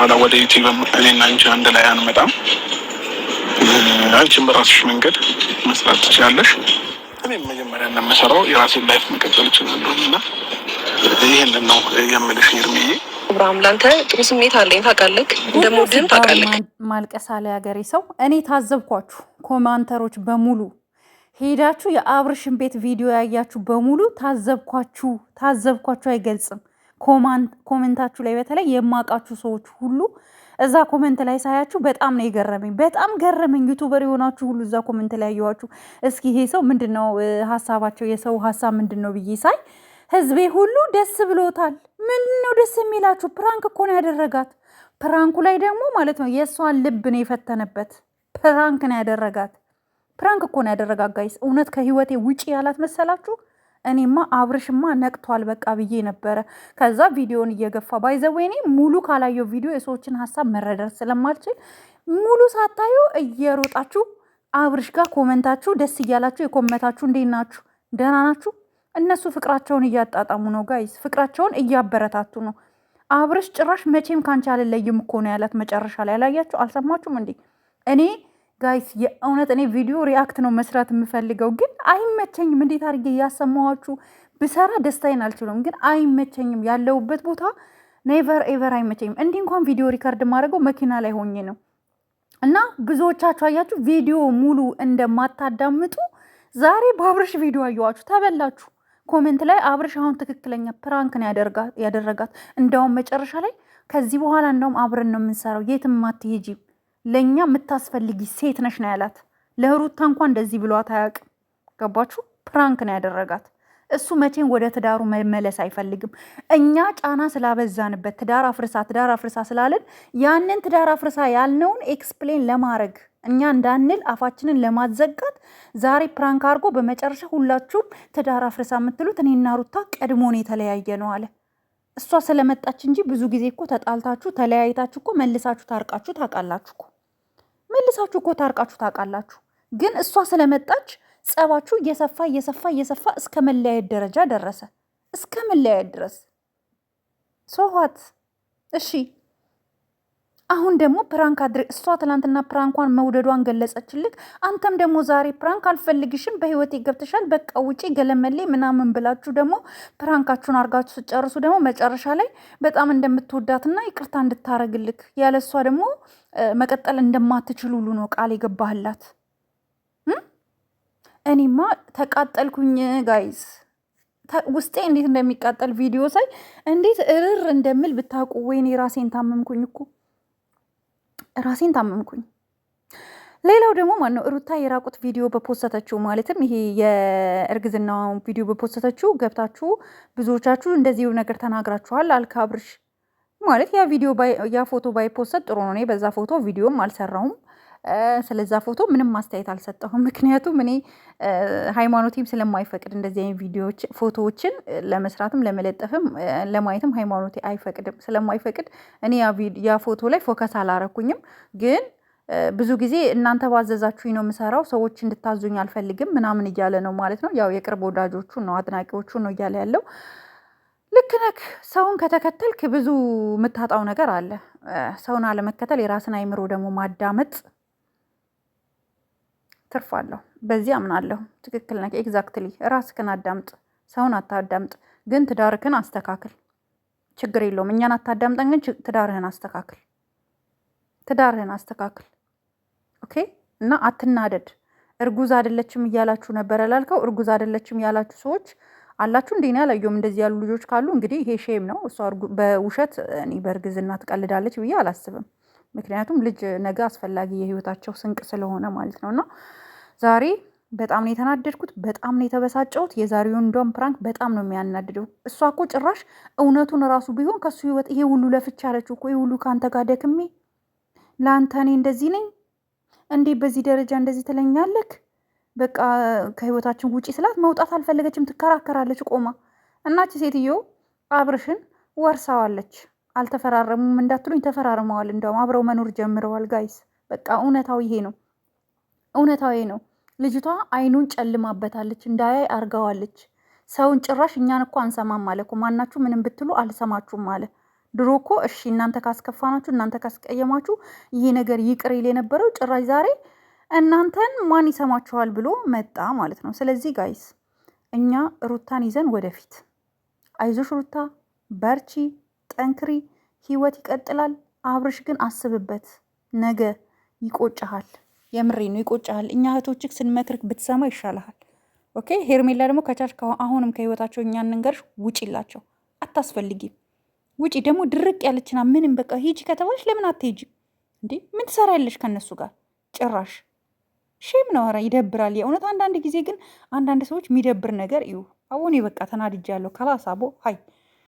በኋላ ወደ ዩቲዩብ እኔና አንቺ አንድ ላይ አንመጣም። አንቺም በራስሽ መንገድ መስራት ትችላለሽ። እኔም መጀመሪያ እንደምሰራው የራሴን ላይፍ መቀጠል እችላለሁ እና ይህንን ነው የምልሽ እርምዬ። አብርሃም ላንተ ጥሩ ስሜት አለኝ ታውቃለህ፣ እንደምወድህም ታውቃለህ። ማልቀስ አለ ያገሬ ሰው። እኔ ታዘብኳችሁ ኮማንተሮች በሙሉ ሄዳችሁ የአብርሽን ቤት ቪዲዮ ያያችሁ በሙሉ ታዘብኳችሁ፣ ታዘብኳችሁ አይገልጽም ኮመንታችሁ ላይ በተለይ የማውቃችሁ ሰዎች ሁሉ እዛ ኮመንት ላይ ሳያችሁ በጣም ነው የገረመኝ። በጣም ገረመኝ። ዩቱበር የሆናችሁ ሁሉ እዛ ኮመንት ላይ ያየኋችሁ፣ እስኪ ይሄ ሰው ምንድን ነው ሀሳባቸው፣ የሰው ሀሳብ ምንድን ነው ብዬ ሳይ ህዝቤ ሁሉ ደስ ብሎታል። ምንድን ነው ደስ የሚላችሁ? ፕራንክ እኮ ነው ያደረጋት። ፕራንኩ ላይ ደግሞ ማለት ነው የእሷን ልብ ነው የፈተነበት። ፕራንክ ነው ያደረጋት። ፕራንክ እኮ ነው ያደረጋት። ጋይስ እውነት ከህይወቴ ውጪ ያላት መሰላችሁ? እኔማ አብርሽማ ነቅቷል በቃ ብዬ ነበረ። ከዛ ቪዲዮን እየገፋ ባይዘዌ እኔ ሙሉ ካላየው ቪዲዮ የሰዎችን ሀሳብ መረዳት ስለማልችል ሙሉ ሳታዩ እየሮጣችሁ አብርሽ ጋር ኮመንታችሁ ደስ እያላችሁ የኮመታችሁ እንዴት ናችሁ? ደህና ናችሁ? እነሱ ፍቅራቸውን እያጣጣሙ ነው ጋይስ፣ ፍቅራቸውን እያበረታቱ ነው። አብርሽ ጭራሽ መቼም ካንቺ አልለይም እኮ ነው ያላት መጨረሻ ላይ። አላያችሁ? አልሰማችሁም እንዴ እኔ ጋይስ የእውነት እኔ ቪዲዮ ሪያክት ነው መስራት የምፈልገው፣ ግን አይመቸኝም። እንዴት አድርጌ እያሰማኋችሁ ብሰራ ደስታዬን አልችለውም፣ ግን አይመቸኝም። ያለውበት ቦታ ኔቨር ኤቨር አይመቸኝም። እንዲህ እንኳን ቪዲዮ ሪካርድ ማድረገው መኪና ላይ ሆኜ ነው። እና ብዙዎቻችሁ አያችሁ ቪዲዮ ሙሉ እንደማታዳምጡ ዛሬ በአብርሽ ቪዲዮ አየኋችሁ፣ ተበላችሁ። ኮሜንት ላይ አብርሽ አሁን ትክክለኛ ፕራንክ ነው ያደረጋት። እንደውም መጨረሻ ላይ ከዚህ በኋላ እንደውም አብረን ነው የምንሰራው፣ የትም አትሄጂም ለእኛ የምታስፈልጊ ሴት ነሽ ነው ያላት። ለሩታ እንኳ እንደዚህ ብሏት አያውቅም። ገባችሁ? ፕራንክ ነው ያደረጋት። እሱ መቼም ወደ ትዳሩ መመለስ አይፈልግም። እኛ ጫና ስላበዛንበት ትዳር አፍርሳ ትዳር አፍርሳ ስላለን ያንን ትዳር አፍርሳ ያልነውን ኤክስፕሌን ለማድረግ እኛ እንዳንል አፋችንን ለማዘጋት ዛሬ ፕራንክ አድርጎ በመጨረሻ ሁላችሁም ትዳር አፍርሳ የምትሉት እኔና ሩታ ቀድሞን የተለያየ ነው አለ። እሷ ስለመጣች እንጂ ብዙ ጊዜ እኮ ተጣልታችሁ ተለያይታችሁ እኮ መልሳችሁ ታርቃችሁ ታውቃላችሁ እኮ መልሳችሁ እኮ ታርቃችሁ ታውቃላችሁ። ግን እሷ ስለመጣች ጸባችሁ እየሰፋ እየሰፋ እየሰፋ እስከ መለያየት ደረጃ ደረሰ። እስከ መለያየት ድረስ ሶኋት እሺ አሁን ደግሞ ፕራንክ አድር እሷ ትላንትና ፕራንኳን መውደዷን ገለጸችልክ። አንተም ደግሞ ዛሬ ፕራንክ አልፈልግሽም፣ በህይወት ይገብተሻል፣ በቃ ውጪ ገለመሌ ምናምን ብላችሁ ደግሞ ፕራንካችሁን አርጋችሁ ስጨርሱ ደግሞ መጨረሻ ላይ በጣም እንደምትወዳትና ይቅርታ እንድታረግልክ ያለ እሷ ደግሞ መቀጠል እንደማትችል ሁሉ ነው ቃል የገባህላት። እኔማ ተቃጠልኩኝ ጋይዝ ውስጤ እንዴት እንደሚቃጠል ቪዲዮ ሳይ እንዴት እርር እንደምል ብታውቁ። ወይኔ ራሴን ታመምኩኝ እኮ ራሴን ታመምኩኝ። ሌላው ደግሞ ማነው ሩታ የራቁት ቪዲዮ በፖስተተችው ማለትም ይሄ የእርግዝና ቪዲዮ በፖስተተችው ገብታችሁ ብዙዎቻችሁ እንደዚሁ ነገር ተናግራችኋል። አልካብርሽ ማለት ያ ቪዲዮ ያ ፎቶ ባይፖሰት ጥሩ ነው። እኔ በዛ ፎቶ ቪዲዮም አልሰራውም ስለዛ ፎቶ ምንም አስተያየት አልሰጠሁም። ምክንያቱም እኔ ሃይማኖቴም ስለማይፈቅድ እንደዚህ አይነት ቪዲዮዎች ፎቶዎችን ለመስራትም ለመለጠፍም ለማየትም ሃይማኖቴ አይፈቅድም። ስለማይፈቅድ እኔ ያ ፎቶ ላይ ፎከስ አላረኩኝም ግን ብዙ ጊዜ እናንተ ባዘዛችሁኝ ነው የምሰራው፣ ሰዎች እንድታዙኝ አልፈልግም ምናምን እያለ ነው ማለት ነው። ያው የቅርብ ወዳጆቹ ነው አድናቂዎቹ ነው እያለ ያለው። ልክ ነክ ሰውን ከተከተልክ ብዙ የምታጣው ነገር አለ። ሰውን አለመከተል የራስን አይምሮ ደግሞ ማዳመጥ ትርፋለሁ። በዚህ አምናለሁ። ትክክል ነህ። ኤግዛክትሊ። ራስክን አዳምጥ፣ ሰውን አታዳምጥ፣ ግን ትዳርክን አስተካክል። ችግር የለውም። እኛን አታዳምጠን፣ ግን ትዳርህን አስተካክል። ትዳርህን አስተካክል። ኦኬ። እና አትናደድ። እርጉዝ አይደለችም እያላችሁ ነበረ ላልከው፣ እርጉዝ አይደለችም እያላችሁ ሰዎች አላችሁ እንዲህ እኔ አላየሁም። እንደዚህ ያሉ ልጆች ካሉ እንግዲህ ይሄ ሼም ነው። እሷ በውሸት እኔ በእርግዝና ትቀልዳለች ብዬ አላስብም። ምክንያቱም ልጅ ነገ አስፈላጊ የህይወታቸው ስንቅ ስለሆነ ማለት ነው። እና ዛሬ በጣም ነው የተናደድኩት፣ በጣም ነው የተበሳጨሁት። የዛሬውን ዶም ፕራንክ በጣም ነው የሚያናድደው። እሷ እኮ ጭራሽ እውነቱን እራሱ ቢሆን ከሱ ህይወት ይሄ ሁሉ ለፍቻ ያለችው እኮ ይሄ ሁሉ ከአንተ ጋር ደክሜ ለአንተ እኔ እንደዚህ ነኝ እንዴ? በዚህ ደረጃ እንደዚህ ትለኛለክ? በቃ ከህይወታችን ውጪ ስላት መውጣት አልፈለገችም፣ ትከራከራለች ቆማ። እናች ሴትዮ አብርሽን ወርሳዋለች። አልተፈራረሙም እንዳትሉኝ ተፈራርመዋል። እንደውም አብረው መኖር ጀምረዋል። ጋይስ በቃ እውነታው ይሄ ነው፣ እውነታው ይሄ ነው። ልጅቷ አይኑን ጨልማበታለች፣ እንዳያይ አርጋዋለች። ሰውን ጭራሽ እኛን እኮ አንሰማም አለ እኮ። ማናችሁ ምንም ብትሉ አልሰማችሁም አለ። ድሮ እኮ እሺ እናንተ ካስከፋናችሁ፣ እናንተ ካስቀየማችሁ ይሄ ነገር ይቅር ይል የነበረው ጭራሽ ዛሬ እናንተን ማን ይሰማችኋል ብሎ መጣ ማለት ነው። ስለዚህ ጋይስ እኛ ሩታን ይዘን ወደፊት አይዞሽ ሩታ በርቺ ጠንክሪ፣ ህይወት ይቀጥላል። አብርሽ ግን አስብበት፣ ነገ ይቆጭሃል። የምሬ ነው ይቆጭሃል። እኛ እህቶችህ ስንመክርክ ብትሰማ ይሻልሃል። ኦኬ ሄርሜላ ደግሞ ከቻልሽ አሁንም ከህይወታቸው እኛ እንንገርሽ፣ ውጪላቸው፣ አታስፈልጊም። ውጪ ደግሞ ድርቅ ያለችና ምንም በቃ ሂጂ ከተባለች ለምን አትሄጂም እንዴ? ምን ትሰራ ያለሽ ከእነሱ ጋር ጭራሽ ሼም ነው። ኧረ ይደብራል የእውነት አንዳንድ ጊዜ ግን አንዳንድ ሰዎች የሚደብር ነገር እዩ። አሁን በቃ ተናድጃ ያለው ከላሳቦ ሀይ